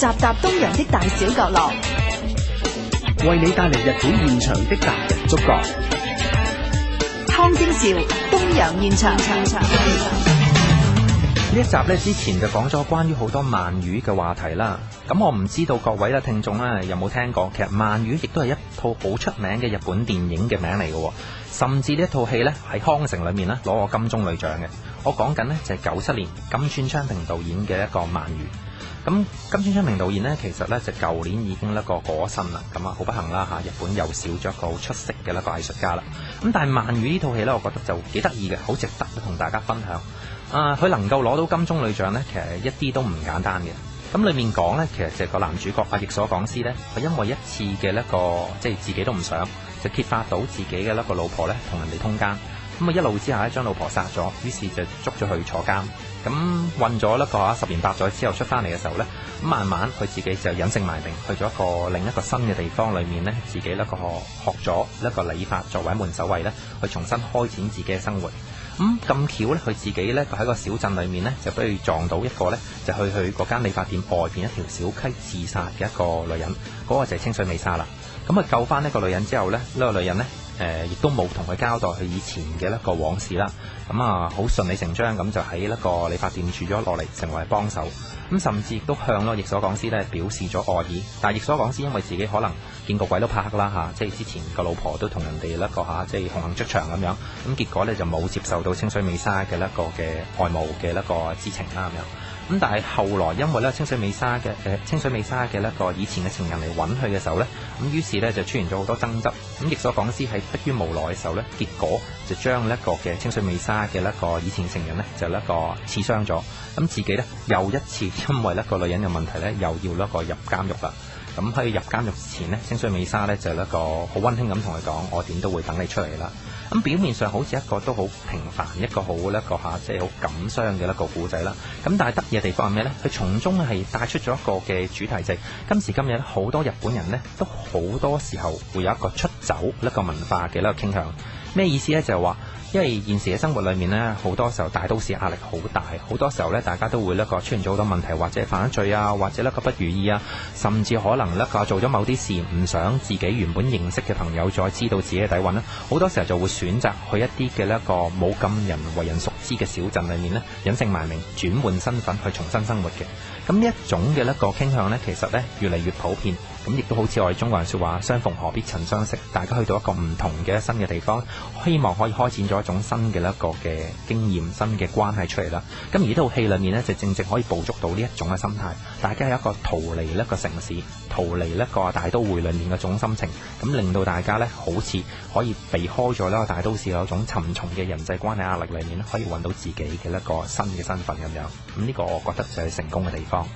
集集東洋的大小角落，為你帶嚟日本現場的達人觸覺。湯晶兆東洋現場。呢一集咧，之前就講咗關於好多鰻魚嘅話題啦。咁我唔知道各位咧聽眾咧有冇聽過？其實鰻魚亦都係一套好出名嘅日本電影嘅名嚟嘅，甚至呢一套戲咧喺康城裏面啦攞過金棕櫚獎嘅。我講緊呢就係九七年今村昌平導演嘅一個鰻魚。咁今村昌平導演咧，其實咧就舊年已經甩個過身啦，咁啊好不幸啦吓，日本又少咗個好出色嘅一個藝術家啦。咁但係鰻魚呢套戲咧，戲我覺得就幾得意嘅，好值得同大家分享。啊、呃，佢能夠攞到金棕櫚獎咧，其實一啲都唔簡單嘅。咁裏面講咧，其實就個男主角役所廣司咧，係因為一次嘅一、那個即係、就是、自己都唔想就揭發到自己嘅一個老婆咧同人哋通奸。咁啊一路之下咧，將老婆殺咗，於是就捉咗去坐監，咁韞咗一個十年八載之後出翻嚟嘅時候呢，慢慢佢自己就隱姓埋名去咗一個另一個新嘅地方裏面呢，自己一個學咗一個理髮，作為一門手藝呢去重新開展自己嘅生活。咁咁巧呢佢自己呢喺個小鎮裏面呢，就俾佢撞到一個呢，就去去嗰間理髮店外邊一條小溪自殺嘅一個女人，嗰、那個就係清水美沙啦。咁啊救翻呢個女人之後呢，呢、那個女人呢。誒，亦都冇同佢交代佢以前嘅一個往事啦。咁啊，好順理成章咁就喺一個理髮店住咗落嚟，成為幫手。咁甚至都向咯，役所廣司都表示咗愛意。但係役所廣司因為自己可能見個鬼都怕黑啦嚇，即係之前個老婆都同人哋一個嚇，即係紅杏出牆咁樣。咁結果咧就冇接受到清水美沙嘅一個嘅愛慕嘅一個之情啦咁樣。咁但係後來因為咧清水美沙嘅誒、呃、清水美沙嘅一個以前嘅情人嚟揾佢嘅時候咧，咁於是咧就出現咗好多爭執。咁亦所講之喺迫於無奈嘅時候咧，結果就將一個嘅清水美沙嘅一個以前情人咧就一個刺傷咗。咁自己咧又一次因為一個女人嘅問題咧，又要一個入監獄啦。咁喺入監獄前呢，清水美沙呢就係一個好溫馨咁同佢講，我點都會等你出嚟啦。咁表面上好似一個都好平凡，一個好一個嚇即係好感傷嘅一個古仔啦。咁但係得意嘅地方係咩呢？佢從中係帶出咗一個嘅主題值。今時今日好多日本人呢，都好多時候會有一個出走一個文化嘅一個傾向。咩意思呢？就係話。因為現時嘅生活裏面咧，好多時候大都市壓力好大，好多時候咧，大家都會咧個出現咗好多問題，或者犯咗罪啊，或者咧個不如意啊，甚至可能咧個做咗某啲事，唔想自己原本認識嘅朋友再知道自己嘅底藴啦。好多時候就會選擇去一啲嘅一個冇咁人為人熟知嘅小鎮裏面咧，隱姓埋名，轉換身份去重新生活嘅。咁呢一種嘅一個傾向咧，其實咧越嚟越普遍。咁亦都好似我哋中國人說話，相逢何必曾相識。大家去到一個唔同嘅新嘅地方，希望可以開展咗一種新嘅一個嘅經驗、新嘅關係出嚟啦。咁而呢套戲裏面呢，就正正可以捕捉到呢一種嘅心態，大家有一個逃離呢個城市、逃離呢個大都會裏面嘅種心情，咁令到大家呢，好似可以避開咗呢個大都市有種沉重嘅人際關係壓力裏面，可以揾到自己嘅一個新嘅身份咁樣。咁呢個我覺得就係成功嘅地方。